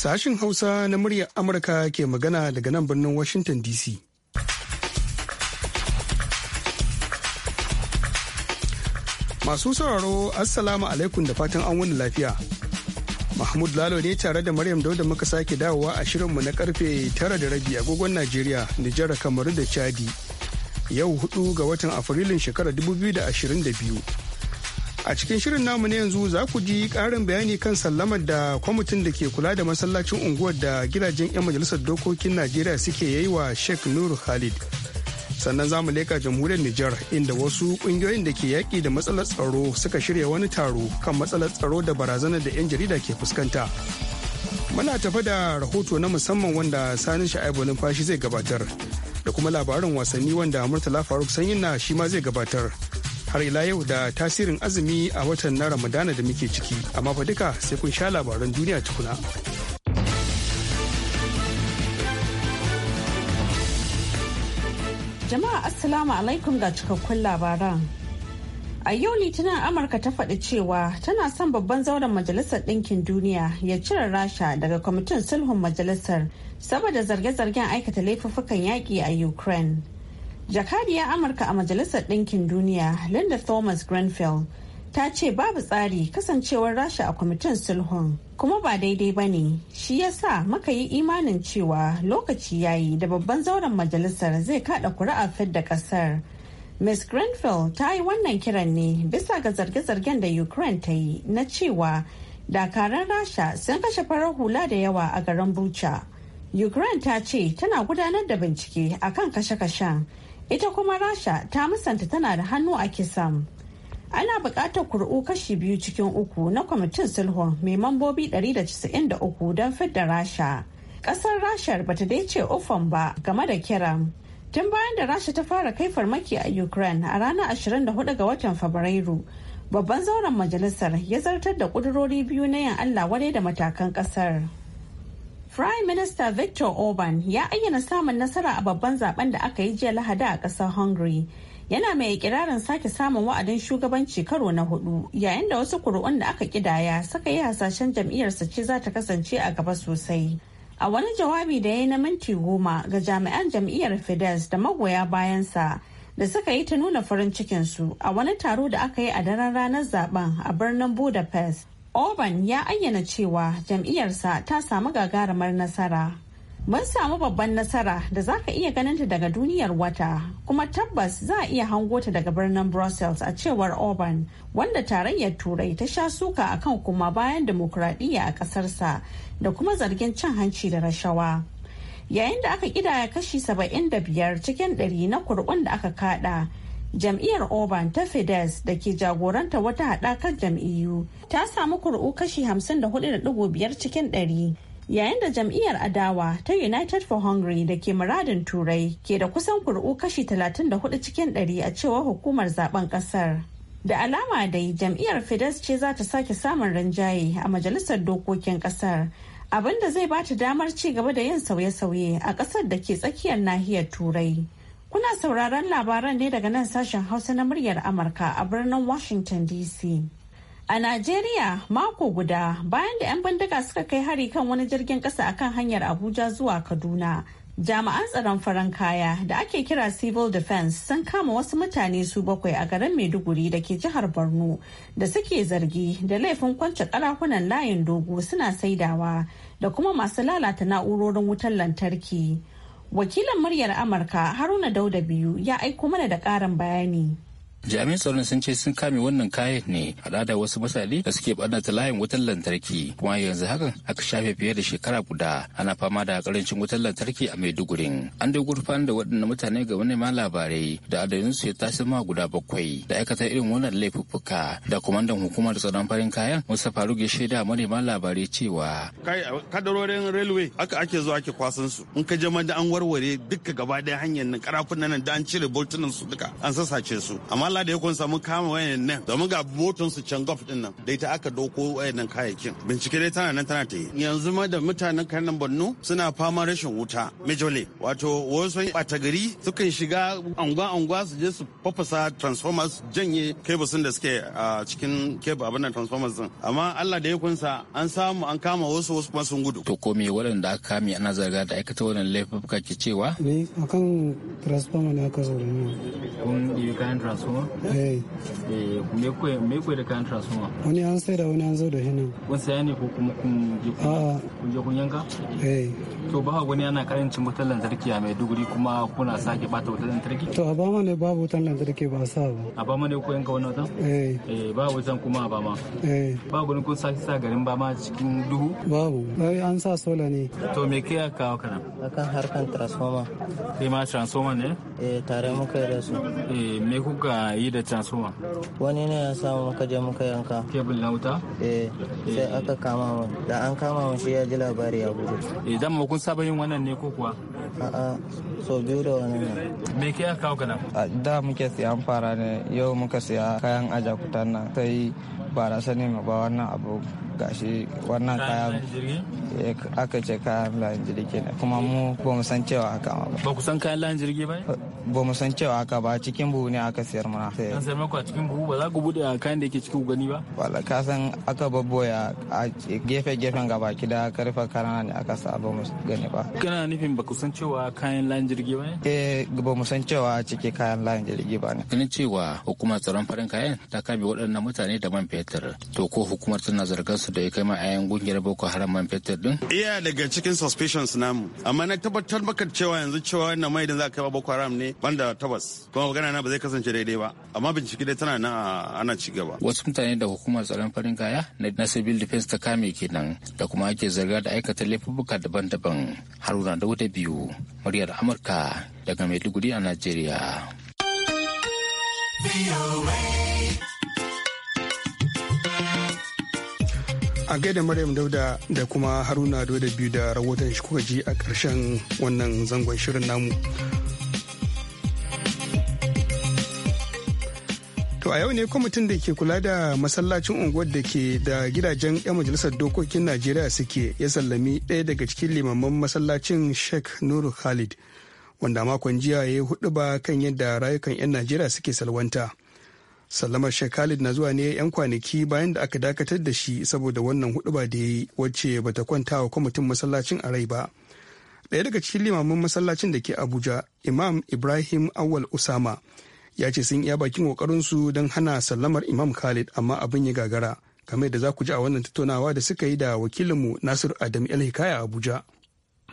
Sashin Hausa na muryar Amurka ke magana daga nan birnin Washington DC. Masu sauraro Assalamu alaikum da fatan an wani lafiya. Mahmud Lalo ne tare da Maryam Dauda muka sake dawowa a shirinmu na karfe tara da rabi agogon Najeriya, Nijar, Kamaru da Chadi. Yau hudu ga watan Afrilun shekarar 2022. a cikin shirin namu na yanzu za ku ji karin bayani kan sallamar da kwamitin da ke kula da masallacin unguwar da gidajen 'yan majalisar dokokin najeriya suke yi wa sheikh nur khalid sannan za mu leka jamhuriyar nijar inda wasu kungiyoyin da ke yaƙi da matsalar tsaro suka shirya wani taro kan matsalar tsaro da barazanar da 'yan jarida ke fuskanta muna tafa da rahoto na musamman wanda sanin sha'ibu numfashi zai gabatar da kuma labarin wasanni wanda murtala faruk sanyina na shi ma zai gabatar har ila yau da tasirin azumi a watan na ramadana da muke ciki amma fa duka sai kun sha labaran duniya tukuna jama'a assalamu alaikum ga cikakkun labaran a yau litinin amurka ta faɗi cewa tana son babban zauren majalisar ɗinkin duniya ya cire rasha daga kwamitin sulhun majalisar saboda zarge-zargen aikata laifuffukan yaƙi a ukraine jakadiyar amurka a majalisar ɗinkin duniya linda thomas grenfell ta ce babu tsari kasancewar rasha a kwamitin sulhun kuma ba daidai ba ne shi ya sa maka yi imanin cewa lokaci ya yi da babban zauren majalisar zai kada kuri'a da kasar ms grenfell ta yi wannan kiran ne bisa ga zarge-zargen da ukraine ta yi na cewa dakaran rasha sun kashe farar hula da yawa a garin bucha ukraine ta ce tana gudanar da bincike akan kashe-kashen ita kuma rasha ta musanta tana da hannu a kisan ana buƙatar kuri'u kashi biyu cikin uku na kwamitin sulhun mai mambobi 193 don fidda rasha ƙasar rashar bata dai ce ufan ba game da kiran tun bayan da rasha ta fara kai farmaki a ukraine a ranar 24 ga watan fabrairu babban zauren majalisar ya zartar da ƙudurori biyu na yin allah wadai da matakan ƙasar. Prime Minister Victor Orban ya ayyana samun nasara a babban zaben da aka yi jiya Lahada a ƙasar Hungary. Yana mai ikirarin sake samun wa'adin shugabanci karo na hudu yayin da wasu kuri'un da aka kidaya suka yi hasashen jam'iyyarsa ce za ta kasance a gaba sosai. A wani jawabi da ya yi na minti goma ga jami'an jam'iyyar Fidesz da magoya bayansa da suka yi ta nuna farin cikinsu a wani taro da aka yi a daren ranar zaben a birnin Budapest. oban ya ayyana cewa jam'iyyarsa ta samu gagarumar nasara. Mun samu babban nasara da za ka iya ganinta daga duniyar wata, kuma tabbas za a iya hango ta daga birnin Brussels a cewar oban wanda tarayyar Turai ta sha suka a kan kuma bayan demokuraɗiyya a ƙasarsa da kuma zargin cin hanci da rashawa. Yayin da aka ƙidaya kashi 75 cikin 100 na kur'un da aka kaɗa. jam'iyyar Oban ta Fides da ke jagoranta wata haɗakar jam'iyyu ta samu kuri'u kashi 54.5 cikin 100 yayin da jam'iyyar adawa ta United for Hungary da ke muradin Turai ke da kusan kuri'u kashi 34 cikin 100 a cewar hukumar zaben kasar. Da alama dai jam'iyyar Fides ce za ta sake samun rinjaye a majalisar dokokin kasar abinda zai ba ta damar ci gaba da yin sauye-sauye a kasar da ke tsakiyar nahiyar Turai. Kuna sauraron labaran ne daga nan sashen Hausa na muryar Amurka a birnin Washington DC. A Najeriya mako guda bayan da 'yan bindiga suka kai hari kan wani jirgin kasa akan hanyar Abuja zuwa Kaduna. Jami'an tsaron farin kaya da ake kira Civil Defense sun kama wasu mutane su bakwai a garin Maiduguri da ke jihar Borno da suke zargi da laifin kwance karakunan layin dogo suna saidawa da kuma masu lalata na'urorin wutar lantarki. Wakilin muryar Amurka Haruna Dauda biyu ya aiko mana da ƙarin bayani. jami'an tsaron sun ce sun kame wannan kayan ne haɗa da wasu misali da suke ɓarnata layin wutar lantarki kuma yanzu hakan aka shafe fiye da shekara guda ana fama da karancin wutar lantarki a maidugurin an dai gurfanar da waɗannan mutane ga manema labarai da su ya tashi ma guda bakwai da aikata irin wannan laifuffuka da kumandan hukumar tsaron farin kayan musa faruk ya shaida manema labarai cewa kai kadarorin railway aka ake zuwa ake kwasan su in ka ma da an warware duka gaba ɗaya hanyar nan karafunan nan da an cire boltunan su duka an sassace su amma Allah da ya kun samu kama wayan nan domin ga motonsu can gaf din nan da ita aka doko wayan nan kayayyakin bincike dai tana nan tana ta yi yanzu ma da mutanen kanan Borno suna fama rashin wuta mejole wato wasu bata gari sukan shiga angwa angwa su je su fafasa transformers janye cables da suke a cikin cable abin nan transformers din amma Allah da ya sa an samu an kama wasu wasu kuma sun gudu to ko me waɗanda aka kame ana zarga da aikata wannan laifuka ke cewa ne akan transformer ne aka zo da ni kun yi kan transformer transformer? Eh. eh. Me kuwa da kayan transformer? Wani an sai da wani an zo da hinan. Kun saya ne ko kuma kun je kun je kun yanka? Eh. To ba wani yana karancin wutar lantarki a Maiduguri kuma kuna sake bata wutar lantarki? To a bama ne babu wutar lantarki ba sa ba. A bama ne ko yanka wani wutan? Eh. Eh ba wutan kuma a bama. Eh. Ba gurin kun sake sa garin bama cikin duhu? Babu. Ai an sa sola ne. To me ke kawo kana? Akan harkan transformer. Kai ma transformer ne? Eh tare muka da su. Eh me kuka yi da tasowa. wani ne ya samu muka je muka yanka kebul na wuta eh sai aka kama mu da an kama mu shi ya ji labari ya gudu eh dan mu kun saba yin wannan ne ko kuwa a'a so biyu da wani ne me ke aka kawo kana da muke siyan fara ne yau muka siya kayan ajakutan nan sai ba na sani ma ba wannan abu gashi wannan kaya eh, aka ce kayan layin jirgi ne kuma mu ba mu san cewa haka ba ba ku san kayan layin jirgi ba ba mu san cewa haka ba cikin buhu ne aka siyar mana eh. an sayar maku a cikin buhu ba za ku bude kayan da yake cikin gani ba wala ka san aka babboya a gefe gefen gaba kida karfa karana ne aka sa ba mu gani ba kana nufin ba ku san cewa kayan layin jirgi ba ne eh ba mu san cewa cike kayan layin jirgi ba ne Kana cewa hukumar tsaron farin kayan ta kame waɗannan mutane da man fetur fetur to ko hukumar tana zargar su da ya kai ma'ayan gungiyar boko haram man fetur din iya daga cikin suspicions namu amma na tabbatar maka cewa yanzu cewa wannan mai da za ka kai boko haram ne banda tabbas kuma magana na ba zai kasance daidai ba amma bincike dai tana na ana ci gaba wasu mutane da hukumar tsaron farin kaya na civil defense ta kame kenan da kuma ake zarga da aikata laifuka daban-daban haruna da wuta biyu muryar amurka daga maiduguri a najeriya. a gaida maryam dauda da kuma haruna da biyu da rahoton shi kuka ji a ƙarshen wannan zangon shirin namu To a yau ne kwamitin da ke kula da masallacin unguwar da ke da gidajen 'yan majalisar dokokin Najeriya suke ya sallami ɗaya daga cikin limaman masallacin Sheikh Nuru Khalid, wanda makon jiya ya yi hudu ba kan yadda rayukan 'yan Najeriya suke salwanta. sallamar Sheikh Khalid na zuwa ne 'yan kwanaki bayan da aka dakatar da shi saboda wannan huduba da ya yi wacce bata kwanta wa kwamitin masallacin a rai ba. daya daga cikin limamin masallacin da ke Abuja, Imam Ibrahim Awal Usama, ya ce sun iya bakin kokarin su don hana sallamar Imam Khalid amma abin ya gagara. game da za ku ji a wannan tattaunawa da suka yi da wakilinmu Nasiru Adam El Hikaya Abuja.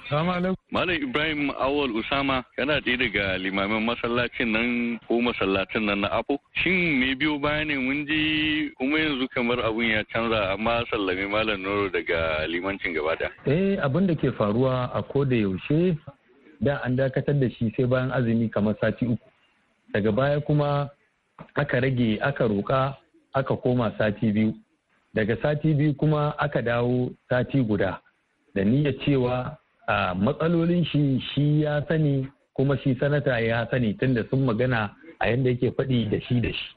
Malam Ibrahim Awal Usama yana ɗaya daga limamin masallacin nan ko masallacin nan na Apo. Shin me biyo baya ne mun ji kuma yanzu kamar abun ya canza amma sallame Malam Nuru daga limancin gaba Eh abin da ke faruwa a ko da yaushe da an dakatar da shi sai bayan azumi kamar sati uku. Daga baya kuma aka rage aka roka aka koma sati biyu. Daga sati biyu kuma aka dawo sati guda. Da niyyar cewa matsalolin shi shi ya sani kuma shi sanata ya sani tunda sun magana a yadda yake faɗi da shi da shi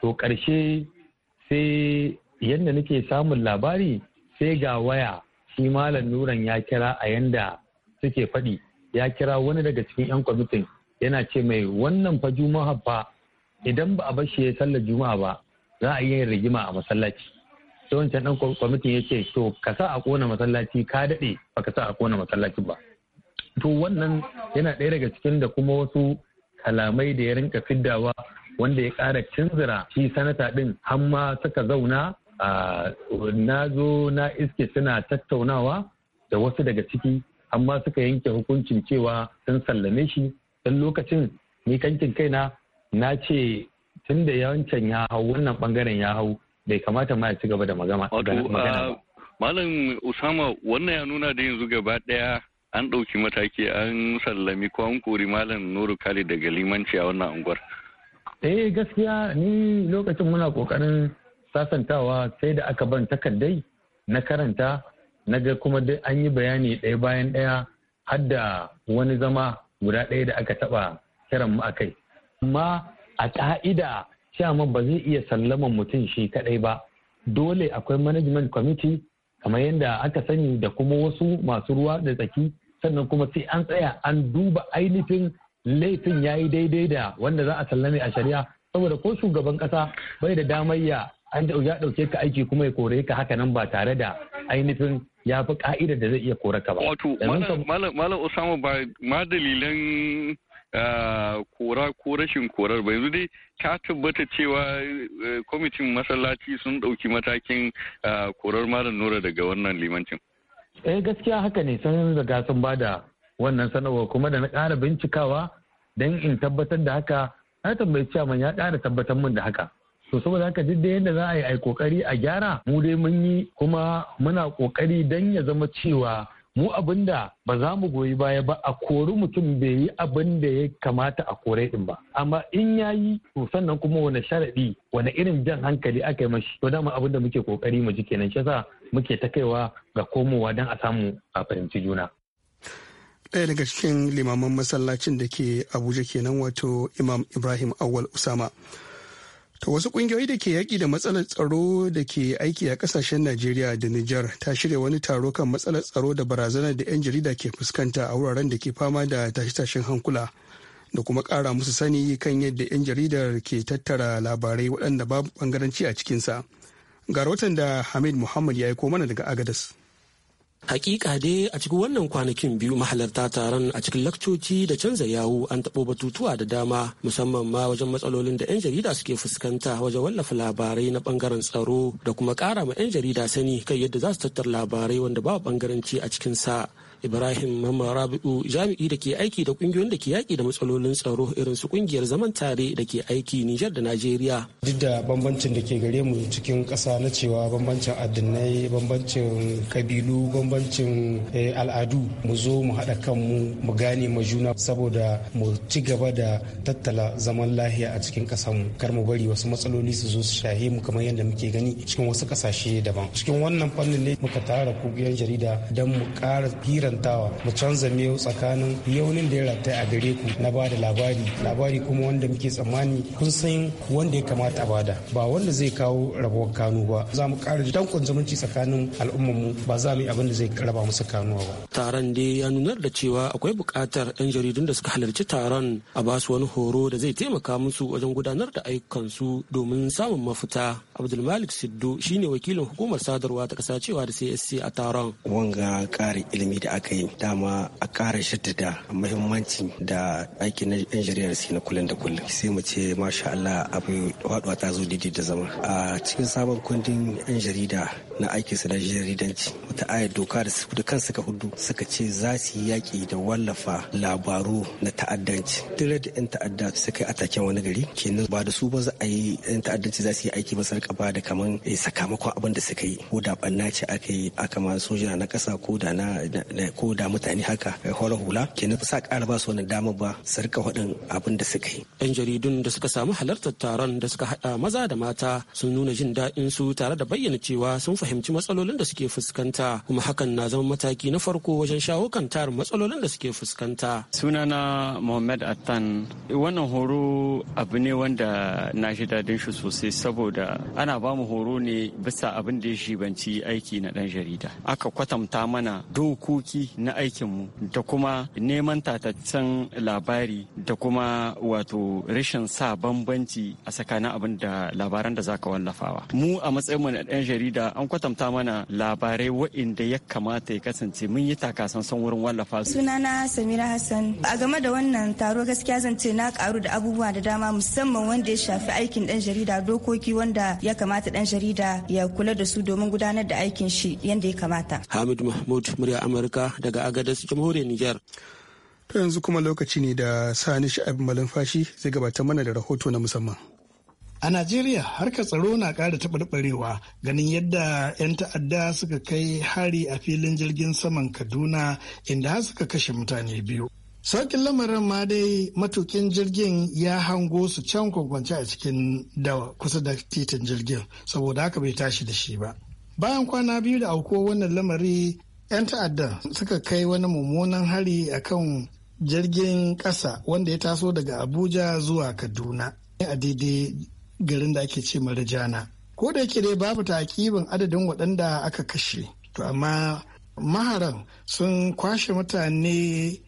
to ƙarshe sai yadda nake samun labari sai ga waya shi malam nuran ya kira a yadda suke faɗi ya kira wani daga cikin 'yan kwamitin yana ce mai wannan fa juma'a fa idan ba a bar shi ya sallar juma'a ba za a yi rigima a masallaci sai wancan dan kwamitin ya ce to ka sa a kona masallaci ka daɗe baka sa a kona masallaci ba to wannan yana ɗaya daga cikin da kuma wasu kalamai da ya rinka fiddawa wanda ya ƙara cinzira shi sanata ɗin har suka zauna na zo na iske suna tattaunawa da wasu daga ciki amma suka yanke hukuncin cewa sun sallame shi don lokacin ni kankin kaina na ce tun da yawancan ya hau wannan bangaren ya hau bai kamata ma ya ci gaba da magana ba. Ah, Malam Usama wannan ya nuna da yanzu gaba daya. an ɗauki mataki an sallami ko an kori Malam Nuru Kali daga limanci a wannan unguwar. Eh gaskiya ni lokacin muna kokarin sasantawa sai da aka ban takardai na karanta na ga kuma duk an yi bayani ɗaya bayan ɗaya har da wani zama guda ɗaya da aka taɓa kiran mu a kai. Amma a ƙa'ida chairman ba zai iya sallaman mutum shi kadai ba dole akwai management committee kamar yadda aka sani da kuma wasu masu ruwa da tsaki sannan kuma sai an tsaya an duba ainihin laifin ya yi daidai da wanda za a sallame a shari'a saboda ko shugaban kasa bai da damar ya an ya dauke ka aiki kuma ya kore ka haka nan ba tare da ainihin ya fi ka'idar da zai iya kore ka ba. Wato malam Usama ba ma dalilan kora ko rashin korar ba yanzu dai ta tabbata cewa e, kwamitin masallaci sun ɗauki matakin korar malam nura daga wannan limancin. eh gaskiya haka ne sun riga sun bada wannan sanarwa kuma da na kara bincikawa don in tabbatar da haka na tambayi man ya kara tabbatar min da haka to saboda haka duk da yadda za a yi a kokari a gyara mu dai mun yi kuma muna kokari don ya zama cewa mu abin da ba za mu goyi baya ba a kori mutum bai yi abin da ya kamata a kore din ba amma in ya yi to sannan kuma wani sharaɗi wani irin jan hankali aka yi mashi to dama abin da muke kokari mu ji kenan shi yasa muke ta kaiwa ga komowa don a samu a fahimci juna ɗaya daga cikin limaman masallacin da ke abuja kenan wato imam ibrahim awal usama To wasu kungiyoyi da ke yaƙi da matsalar tsaro da ke aiki a ƙasashen Najeriya da Nijar ta shirya wani taro kan matsalar tsaro da barazanar da 'yan jarida ke fuskanta a wuraren da ke fama da tashe-tashen hankula da kuma ƙara musu sani kan yadda 'yan jaridar ke tattara labarai waɗanda babu ɓangaranci a cikinsa. Ga rahoton da Hamid Muhammad ya aiko mana daga Agadas. Hakika dai a cikin wannan kwanakin biyu mahalarta taron a cikin lakcoci da canza yawu an taɓo batutuwa da dama musamman ma wajen matsalolin da 'yan jarida suke fuskanta wajen wallafa labarai na ɓangaren tsaro da kuma ƙara ma 'yan jarida sani kan yadda za su tattara labarai wanda ba bangaranci a cikin sa Ibrahim Mamman Rabi'u jami'i da ke aiki da kungiyoyin da ke yaƙi da matsalolin tsaro irin su kungiyar zaman tare da ke aiki Nijar da Najeriya. Duk da bambancin da ke gare mu cikin ƙasa na cewa bambancin addinai, bambancin kabilu, bambancin eh, al'adu mu zo mu haɗa kanmu mu gane ma juna saboda mu ci gaba da tattala zaman lahiya a cikin ƙasarmu kar mu bari wasu matsaloli su zo su shahe mu kamar yadda muke gani cikin wasu ƙasashe daban. Cikin wannan fannin ne muka tara kungiyar jarida don mu ƙara hiran kwatantawa mu canza miyau tsakanin yaunin da ya rata a gare ku na ba da labari labari kuma wanda muke tsammani kun san wanda ya kamata a bada ba wanda zai kawo rabuwar kanu ba za mu ƙara dankon zumunci tsakanin mu ba za mu yi abin da zai raba musu kanuwa ba. taron dai ya nunar da cewa akwai bukatar 'yan jaridun da suka halarci taron a ba su wani horo da zai taimaka musu wajen gudanar da ayyukansu domin samun mafita abdulmalik siddo shine wakilin hukumar sadarwa ta ƙasa cewa da csc a taron wanga ƙarin ilimi da aka yi dama a ƙara shaddada muhimmanci da aikin na yan jarida su na kullum da kullum sai mu ce masha Allah abu wadu ta zo daidai da zama a cikin sabon kundin yan jarida na aikin su na jaridanci wata ayar doka da su da suka hudu suka ce za su yi yaƙi da wallafa labaru na ta'addanci duk da yan ta'adda suka yi ataken wani gari kenan ba da su ba za a yi yan ta'addanci za su yi aiki ba ka ba da kaman eh, sakamakon abin da suka yi ko da ɓanna ce aka yi aka ma sojina na ƙasa ko da na ko da mutane haka hula eh, hula ke na sa ƙara ba su wani dama ba su rika faɗin abin da suka yi. Yan jaridun da suka samu halartar taron da suka haɗa maza da mata sun nuna jin daɗin su tare da bayyana cewa sun fahimci matsalolin da suke fuskanta kuma hakan na zama mataki na farko wajen shawo kan tarin matsalolin da suke fuskanta. Sunana Muhammad Attan wannan horo abu ne wanda na shi daɗin shi sosai saboda ana ba mu horo ne bisa abin da ya shibanci aiki na ɗan jarida. Aka kwatanta mana dokoki dokoki na aikinmu da kuma neman tataccen labari da kuma wato rashin sa bambanci a tsakanin abin da labaran da za ka wallafawa mu a matsayin mu na ɗan jarida an kwatanta mana labarai waɗanda ya kamata ya kasance mun yi takasan wurin wallafa su sunana samira hassan a game da wannan taro gaskiya zan ce na karu da abubuwa da dama musamman wanda ya shafi aikin ɗan jarida dokoki wanda ya kamata ɗan jarida ya kula da su domin gudanar da aikin shi yadda ya kamata hamid mahmud murya amurka daga agadar jamhuriyar Nijar. To yanzu kuma lokaci ne da Sani Sha'ib Malumfashi zai gabata mana da rahoto na musamman. A Najeriya harkar tsaro na ƙara taɓarɓarewa ganin yadda 'yan ta'adda suka kai hari a filin jirgin saman Kaduna inda suka kashe mutane biyu. Saukin lamarin ma dai matukin jirgin ya hango su can kwakwance a cikin dawa kusa da titin jirgin saboda haka bai tashi da shi ba. Bayan kwana biyu da auko wannan lamari 'yan ta'adda suka kai wani mummunan hari a kan jirgin ƙasa wanda ya taso daga abuja zuwa kaduna a daidai garin da ake ce marijana ko da yake dai babu takibin adadin waɗanda aka kashe to amma maharan sun kwashe mutane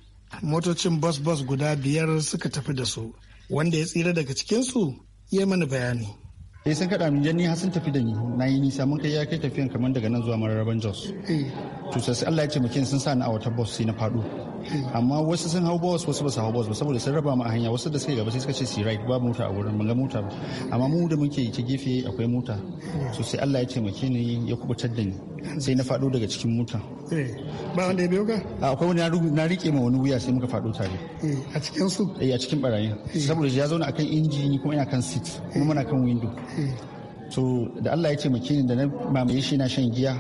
motocin bas bus guda biyar suka tafi da su wanda ya tsira daga cikinsu ya mana bayani eh sun kaɗa min janni har sun tafi da ni na yi nisa mun kai ya kai tafiyan kamar daga nan zuwa mararaban jos eh. to sai Allah ya ce mukin sun sa ni a wata bus sai na faɗo amma wasu sun hau bus wasu ba su hau bus ba saboda sun raba mu a hanya wasu da suka gaba sai suka ce si right ba mota a wurin mun ga mota ba amma mu da muke ta gefe akwai mota so sai Allah ya taimake ni ya kubutar da ni sai na faɗo daga cikin mota eh, ba wanda ya biyo ka akwai wani na rike ma wani wuya sai muka faɗo tare eh, a cikin su eh a cikin barayin eh. saboda ya zauna akan inji ni kuma ina kan seat kuma muna kan window to da Allah ya taimake ni da na mamaye shi na shan giya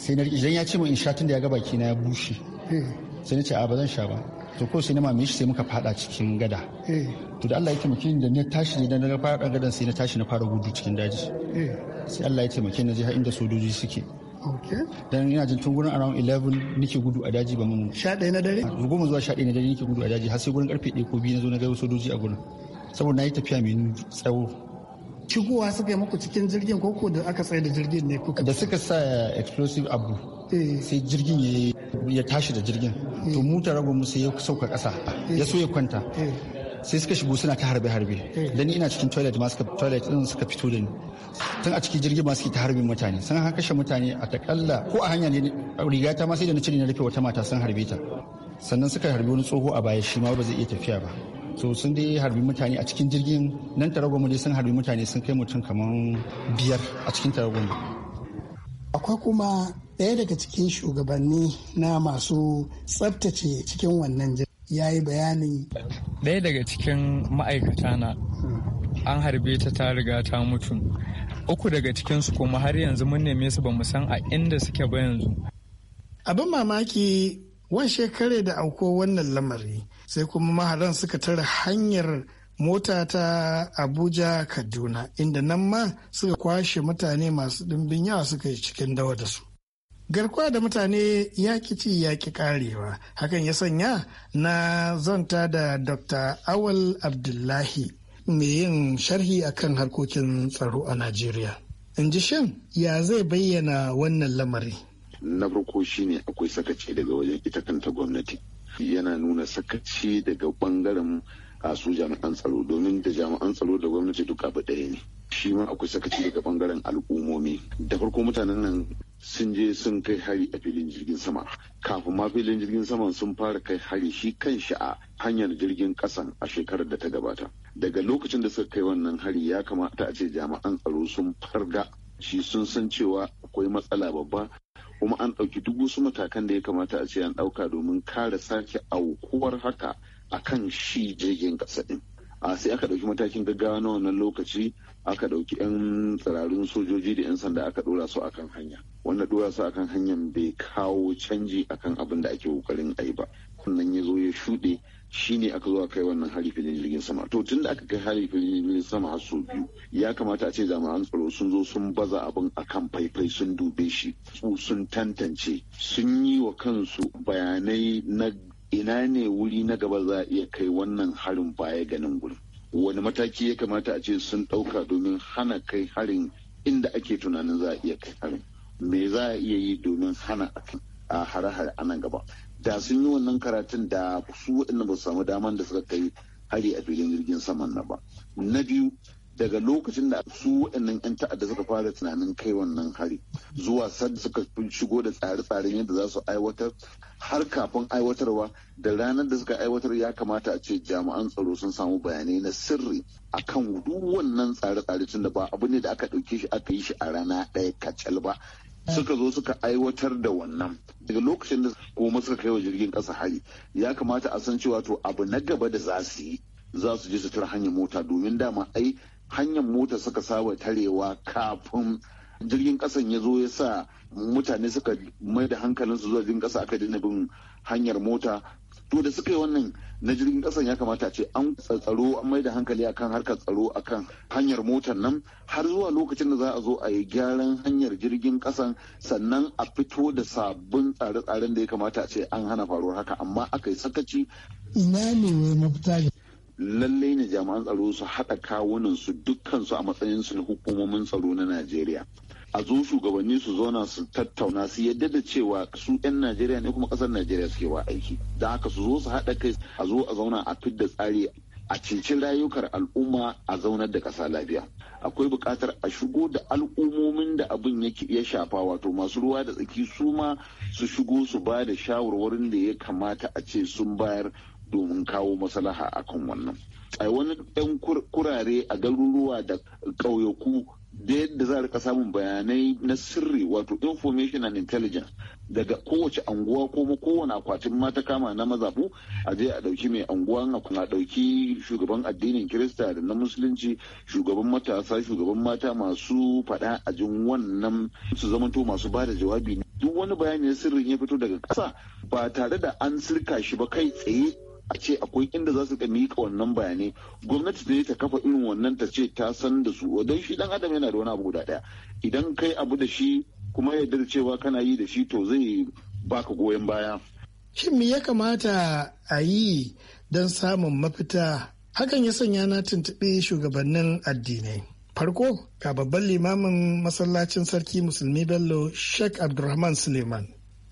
sai na idan ya ce min in sha tun da ya ga baki na ya bushe sai ce a ba zan sha ba to ko sinima mai shi sai muka fada cikin gada eh. to da Allah ya taimake ni da na tashi ne na fara gadan sai na tashi na fara gudu cikin daji eh. sai Allah ya taimake ni je har inda sojoji suke dan ina jin tun gurin around 11 nake gudu a daji ba mun sha na dare ah, goma zuwa sha na dare nake gudu a daji har sai gurin karfe 1 ko 2 na zo na ga sojoji a gurin saboda na yi tafiya mai tsawo kiguwa suka yi muku cikin jirgin ko da aka tsaye da jirgin ne kuka da suka sa explosive abu Eh. sai jirgin ya tashi da jirgin eh. to mutar rago musu sai ya sauka ƙasa eh. ya so ya kwanta sai suka shigo suna ta harbe-harbe da ni ina cikin toilet ma suka toilet din suka fito da ni tun a cikin jirgin ma suke ta harbin mutane sun haka kashe mutane a takalla ko a hanya ne riga ta ma sai da na cire na rufe wata mata sun harbe ta sannan suka harbi wani tsoho a baya shi ma ba zai iya tafiya ba so sun dai harbi mutane a cikin jirgin nan taragon dai sun harbi mutane sun kai mutum kamar biyar a cikin taragon akwai kuma ɗaya daga cikin shugabanni na masu tsabtace cikin wannan jirgin ya yi bayanin ɗaya daga cikin ma'aikata na an harbe ta ta riga ta mutu uku daga cikinsu kuma har yanzu mun neme su ba mu san a inda suke ba yanzu abin mamaki wan shekare da auko wannan lamari sai kuma maharan suka tara hanyar mota ta abuja kaduna inda nan ma suka kwashe mutane masu ɗimbin yawa suka yi cikin dawa da su garkuwa da mutane ya ci ya ki karewa hakan ya sanya na zanta da dr awal abdullahi mai yin sharhi akan harkokin tsaro a najeriya in ji shin ya zai bayyana wannan lamari na farko shine akwai sakaci daga wajen ita kanta gwamnati yana nuna sakaci daga bangaren su jami'an tsaro domin da jami'an tsaro da gwamnati duk abu ɗaya ne shi ma akwai sakaci daga bangaren al'ummomi da farko mutanen nan sun je sun kai hari a filin jirgin sama kafin ma filin jirgin saman sun fara kai hari shi kan shi a hanyar jirgin kasan a shekarar da ta gabata daga lokacin da suka kai wannan hari ya kamata a ce jami'an tsaro sun farga shi sun san cewa akwai matsala babba kuma an ɗauki duk wasu matakan da ya kamata a ce an ɗauka domin kare sake aukuwar haka akan shi jirgin kasa ɗin. a sai aka ɗauki matakin gaggawa na wannan lokaci aka ɗauki 'yan tsirarun sojoji da 'yan sanda aka ɗora su akan hanya wanda ɗora su akan hanyar bai kawo canji akan abin da ake kokarin ayi ba wannan ya zo ya shuɗe shine aka zo kai wannan hari filin jirgin sama to tun da aka kai hari filin jirgin sama har sau biyu ya kamata a ce jami'an tsaro sun zo sun baza abin akan faifai sun dube shi sun tantance sun yi wa kansu bayanai na ina ne wuri na gaba za a iya kai wannan harin baya ganin gurin wani mataki ya kamata a ce sun ɗauka domin hana kai harin inda ake tunanin za a iya kai harin me za a iya yi domin hana a hare-hare a nan gaba da sun yi wannan karatun da su waɗanda ba su samu damar da suka kai hari a filin jirgin saman na ba na biyu daga lokacin da su waɗannan 'yan ta'adda suka fara tunanin kai wannan hari zuwa sadda suka shigo da tsare-tsaren yadda za su aiwatar har kafin aiwatarwa da ranar da suka aiwatar ya kamata a ce jami'an tsaro sun samu bayanai na sirri A kan wannan tsare-tsare tun da ba abu ne da aka ɗauke shi aka yi shi a rana ɗaya kacal ba suka zo suka aiwatar da wannan daga lokacin da kuma suka kai wa jirgin ƙasa hari ya kamata a san cewa to abu na gaba da za su yi za su je su tura hanyar mota domin dama ai hanyar mota suka saba tarewa kafin jirgin kasan ya zo ya sa mutane suka mai da hankalin su zuwa jirgin kasa aka daina bin hanyar mota to da suka yi wannan na jirgin kasan ya kamata ce an tsaro an mai da hankali akan harkar tsaro akan hanyar motar nan har zuwa lokacin da za a zo a yi gyaran hanyar jirgin kasan sannan a fito da sabbin tsare-tsaren da ya kamata ce an hana faruwar haka amma aka yi sakaci ina ne mafita lallai ne jami'an tsaro su haɗa kawunan su dukkansu a matsayin su hukumomin tsaro na Najeriya. A zo shugabanni su zauna su tattauna su yadda da cewa su 'yan Najeriya ne kuma ƙasar Najeriya suke wa aiki. Da haka su zo su haɗa kai a zo a zauna a fidda tsari a cincin rayukar al'umma a zaunar da ƙasa lafiya. Akwai buƙatar a shigo da al'ummomin da abin ya shafa wato masu ruwa da tsaki su ma su shigo su ba da shawarwarin da ya kamata a ce sun bayar domin kawo a kan wannan a wani ɗan kurare a garuruwa da ƙauyaku da yadda za a rika samun bayanai na sirri wato information and intelligence daga kowace anguwa ko kowane akwatin mata kama na mazabu a je a dauki mai anguwa a dauki shugaban addinin kirista da na musulunci shugaban matasa shugaban mata masu fada a jin wannan su zamanto masu ba da jawabi duk wani bayani na sirrin ya fito daga ƙasa ba tare da an sirka shi ba kai tsaye a ce akwai inda za su miƙa wannan bayanai gwamnati ne ta kafa irin wannan ta ce ta san da su don shi dan adam yana da wani abu guda ɗaya idan kai abu da shi kuma yarda da cewa kana yi da shi to zai baka goyon baya shin me ya kamata a yi don samun mafita hakan ya sanya na tuntuɓe shugabannin addinai farko ga babban limamin masallacin sarki musulmi bello sheikh abdulrahman suleiman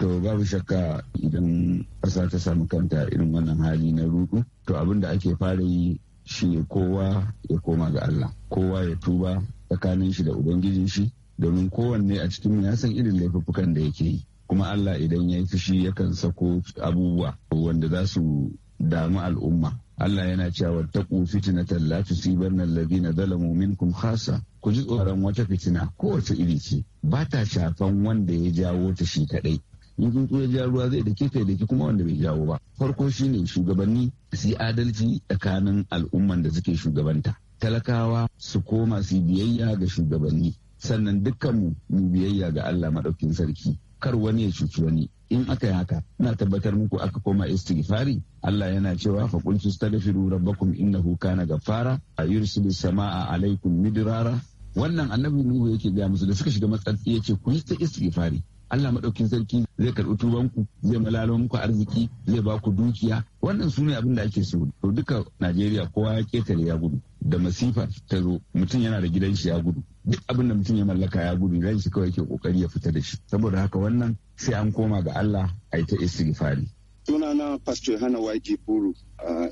to babu shakka idan ƙasa ta samu kanta irin wannan hali na rudu to abin da ake fara yi shi kowa ya koma ga Allah kowa ya tuba tsakanin shi da ubangijin shi domin kowanne a cikin ya san irin laifuffukan da yake yi kuma Allah idan ya yi fushi yakan sako abubuwa wanda za su damu al'umma Allah yana cewa taku fitnatan la tusibanna zala zalamu minkum hasa, ku ji tsoron wata fitina kowace iri ce ba ta shafan wanda ya jawo ta shi kadai in tsuntsu ya ja ruwa zai dake kai dake kuma wanda bai jawo ba farko shine shugabanni su yi adalci tsakanin al'umman da suke shugabanta talakawa su koma su biyayya ga shugabanni sannan dukkanmu mu biyayya ga Allah maɗaukin sarki kar wani ya cuci wani in aka yi haka ina tabbatar muku aka koma istighfari Allah yana cewa fa qul tastaghfiru rabbakum innahu kana ghaffara yursilu samaa alaikum midrara wannan annabi nuhu yake ga musu da suka shiga matsatsi ce ku yi ta istighfari Allah maɗaukin sarki zai karɓi tubanku zai malalo muku arziki zai ba ku dukiya wannan su ne abin da ake so to duka Najeriya kowa ya ketare ya gudu da masifa ta zo mutum yana da gidan shi ya gudu duk abin da mutum ya mallaka ya gudu ran shi kawai yake kokari ya fita da shi saboda haka wannan sai an koma ga Allah a yi ta istighfari sunana pastor hana Waiki furu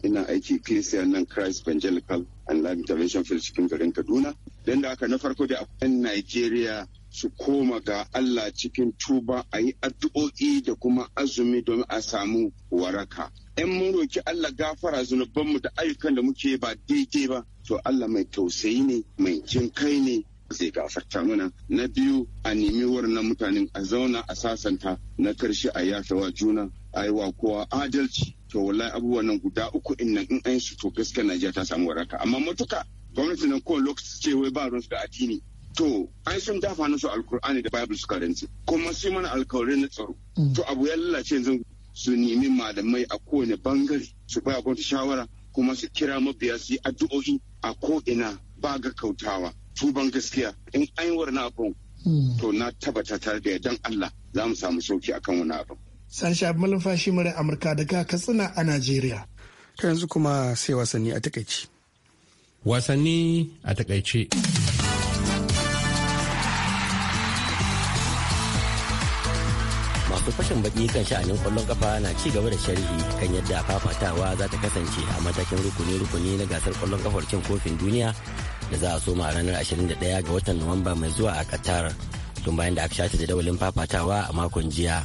ina aiki ecclesia nan christ evangelical and life intervention Fellowship cikin garin kaduna dan da haka na farko da akwai nigeria su koma ga Allah cikin tuba a yi addu'o'i da kuma azumi domin a samu waraka. ‘Yan mun roki Allah gafara zunubanmu da ayyukan da muke ba daidai ba, to Allah mai tausayi ne, mai jin kai ne, zai gafarta mana. Na biyu a nemi na mutanen a zauna a sasanta na karshe a yafewa juna, a yi wa kowa adalci. To wallahi abubuwan nan guda uku in nan in an su to gaskiya Najeriya ta samu waraka. Amma matuka gwamnati nan kowane lokaci ce wai ba su da addini to ai sun dafa nasu alkur'ani da bible suka rance kuma sai mana alkawarin na tsaro mm. to abu ya lalace yanzu su nemi malamai a kowane bangare su baya gwamnati shawara kuma su kira mabiya su yi addu'o'i a ko'ina ba ga kautawa tuban gaskiya in an yi na abu, mm. to na tabbata tare da yardan Allah za mu samu sauki akan wani abu. Sashi Abu Malumfashi mara Amurka daga Katsina a Najeriya. Ta yanzu kuma sai wasanni a takaici. Wasanni a takaice. akwai fashin baki kan sha'anin kwallon kafa na ci gaba da sharhi kan yadda fafatawa za ta kasance a matakin rukuni-rukuni na gasar kwallon kafar cin kofin duniya da za a soma a ranar 21 ga watan nuwamba mai zuwa a qatar tun bayan da aka shata jadawalin fafatawa a makon jiya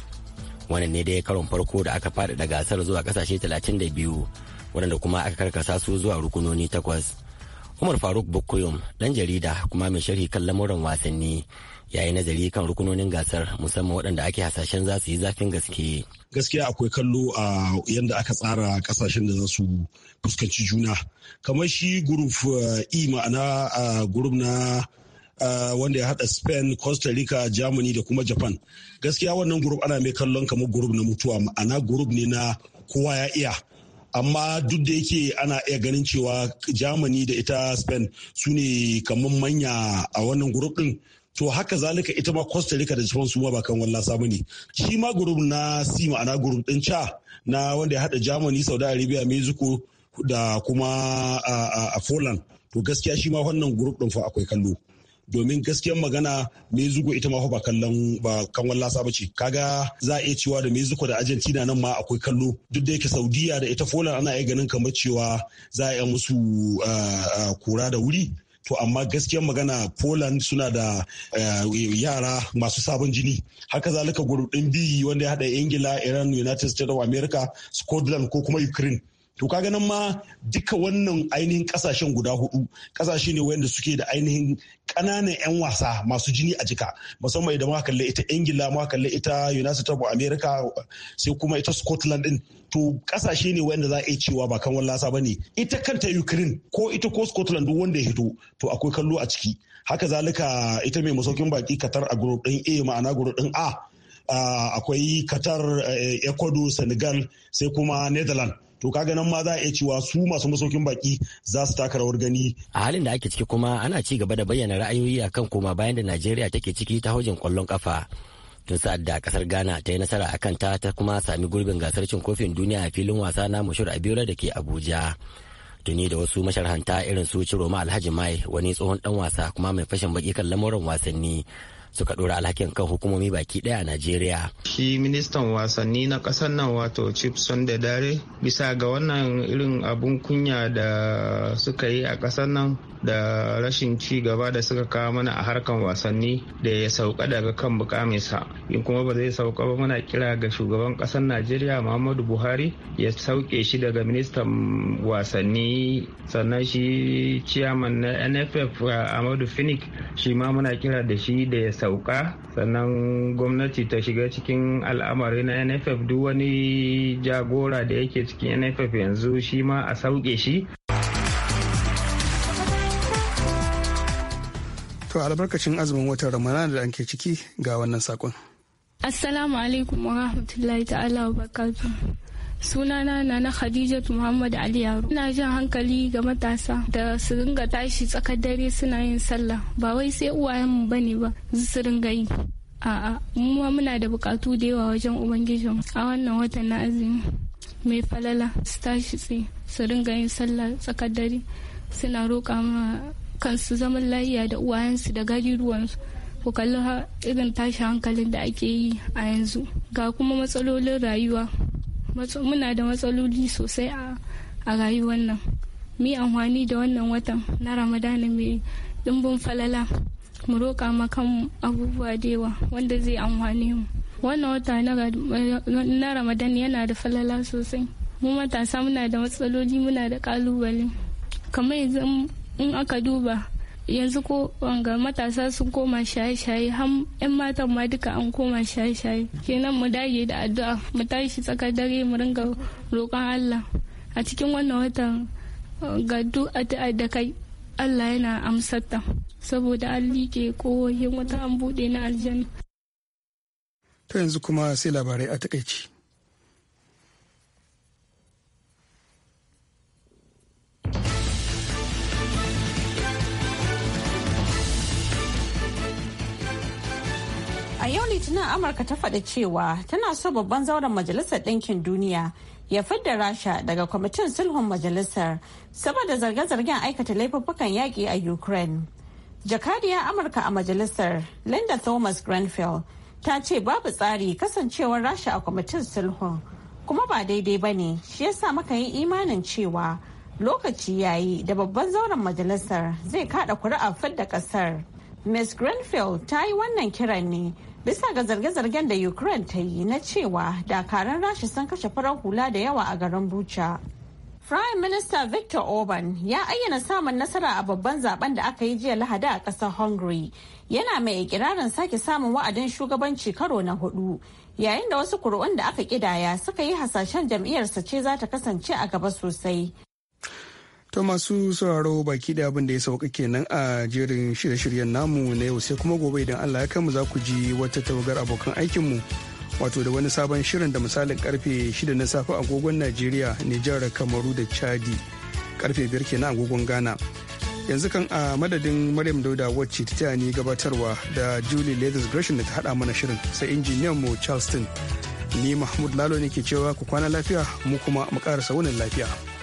wannan ne dai karon farko da aka faɗaɗa gasar zuwa ƙasashe 32 waɗanda kuma aka karkasa su zuwa rukunoni takwas umar faruk bukoyum dan jarida kuma mai sharhi kan lamuran wasanni ya yi nazari kan rukunonin gasar musamman waɗanda ake hasashen za su yi zafin gaske. Gaskiya akwai kallo a yadda aka tsara kasashen da za su fuskanci juna. Kamar shi guruf eh, E ma'ana eh, na eh, wanda ya haɗa Spain, Costa Rica, Germany da kuma Japan. Gaskiya wannan guruf ana mai kallon kamar guruf na mutuwa ma'ana guruf ne na kowa ya iya. amma duk da yake ana iya ganin cewa germany da ita spain su ne kamar manya a wannan group din to haka zalika ita ma costa rica da japan su ma ba kan wallasa samu ne shi ma gurub na si ma'ana gurub din ca na wanda ya hada germany saudi arabia mexico da kuma a poland to gaskiya shi ma wannan gurub din fa akwai kallo domin gaskiyar magana mexico ita ma ba kallon ba kan wallasa ba ce kaga za a iya cewa da mexico da argentina nan ma akwai kallo duk da yake saudiya da ita poland ana iya ganin kamar cewa za a iya musu kura da wuri to amma gaskiyar magana poland suna da eh, yara masu sabon jini haka zalika gurudin ɗin biyi wanda ya hada ingila iran united states of america scotland ko kuma ukraine to ka ganin ma duka wannan ainihin kasashen guda hudu kasashe ne wanda suke da ainihin kananan 'yan wasa masu jini a jika musamman idan muka kalle ita ingila muka kalle ita united of america sai kuma ita scotland din to kasashe ne wanda za a iya cewa ba kan wallasa ba ne ita kanta ukraine ko ita ko scotland wanda ya hito to akwai kallo a ciki haka zalika ita mai masaukin baki katar a group din a ma'ana group din a akwai katar eh, ecuador senegal sai kuma netherlands to kaga nan ma za a iya cewa su masu masaukin baki za su taka rawar gani a halin da ake ciki kuma ana ci gaba da bayyana ra'ayoyi akan koma bayan da najeriya take ciki ta hujin kwallon kafa tun sa'ad da kasar ghana ta yi nasara akan ta ta kuma sami gurbin gasar cin kofin duniya a filin wasa na mushur abiola da ke abuja tuni da wasu masharhanta irin su ciroma alhaji mai wani tsohon dan wasa kuma mai fashin baki kan lamuran wasanni suka ɗora alhakin kan hukumomi baki daya a Najeriya. Shi ministan wasanni na kasar nan wato Chief da Dare bisa ga wannan irin abun kunya da suka yi a kasar nan da rashin ci gaba da suka kawo mana a harkan wasanni da ya sauka daga kan mukaminsa in kuma ba zai sauka ba muna kira ga shugaban kasar Najeriya Muhammadu Buhari ya sauke shi daga ministan wasanni sannan shi ciyaman na NFF Amadu Finik shi ma muna kira da shi da ya sauka sannan gwamnati ta shiga cikin al'amari na nff duk wani jagora da yake cikin nff yanzu shi ma a sauke shi to albarkacin azumin watan ramadan da anke ciki ga wannan sakon assalamu alaikum wa rahmatullahi ta'ala wa sunana na na khadijatu muhammad ali yaro ina jan hankali ga matasa da su ringa tashi tsakar dare suna yin sallah ba wai sai uwayenmu bane ba su ringa yi a'a mu muna da bukatu da yawa wajen ubangijin a wannan watan na azumi mai falala su tashi tsaye su ringa yin sallah tsakar dare suna roƙa ma kansu zaman lafiya da uwayensu da gariruwansu ku kalli irin tashi hankalin da ake yi a yanzu ga kuma matsalolin rayuwa muna da matsaloli sosai a rayuwar nan mi amfani da wannan watan na ramadana mai dimbin falala mu roƙa makan abubuwa da yawa wanda zai amfani mu wannan wata na ramadan yana da falala sosai mu matasa muna da matsaloli muna da kalubale kamar yanzu in aka duba yanzu ko wanga matasa sun koma shaye-shaye har 'yan matan ma duka an koma shaye-shaye kenan mu dage da addu'a mu tashi tsakar dare mu ringa roƙon Allah a cikin wannan watan ga duk addu'a da kai Allah yana amsarta saboda an liƙe kohohin wata an buɗe na aljanna. To yanzu kuma sai labarai a takaici. A yau Litinin Amurka ta faɗi cewa tana so babban zauren Majalisar Ɗinkin Duniya ya fidda Rasha daga kwamitin sulhun majalisar saboda zarge-zargen aikata laifuffukan yaƙi a Ukraine. Jakadiyar Amurka a majalisar Linda Thomas Grenfell ta ce babu tsari kasancewar Rasha a kwamitin sulhun kuma ba daidai ba ne shi ya sa muka yi imanin cewa lokaci yayi da babban zauren majalisar zai kada kuri'a fidda kasar. Ms. Grenfell ta yi wannan kiran ne bisa ga zarge-zargen da ukraine ta yi na cewa dakaran rasha sun kashe farar hula da yawa a garin bucha prime minister victor orban ya ayyana samun nasara a babban zaben da aka yi jiya lahada a kasar hungary yana mai ikirarin sake samun wa'adin shugabanci karo na hudu yayin da wasu kuri'un da aka kidaya suka yi hasashen jam'iyyarsa ce za ta kasance a gaba sosai To masu sauraro baki da abin da ya sauka kenan a jerin shirye-shiryen namu na yau sai kuma gobe idan Allah ya kama za ku ji wata tawagar abokan aikinmu wato da wani sabon shirin da misalin karfe 6 na safe agogon Najeriya, Nijar, Kamaru da Chadi karfe 5 kenan agogon Ghana. Yanzu kan a madadin Maryam Dauda wacce ta taya ni gabatarwa da Julie Leathers Gresham da ta hada mana shirin sai injiniyan mu Charleston. Ni Mahmud Lalo ne ke cewa ku kwana lafiya mu kuma mu ƙarasa wunin lafiya.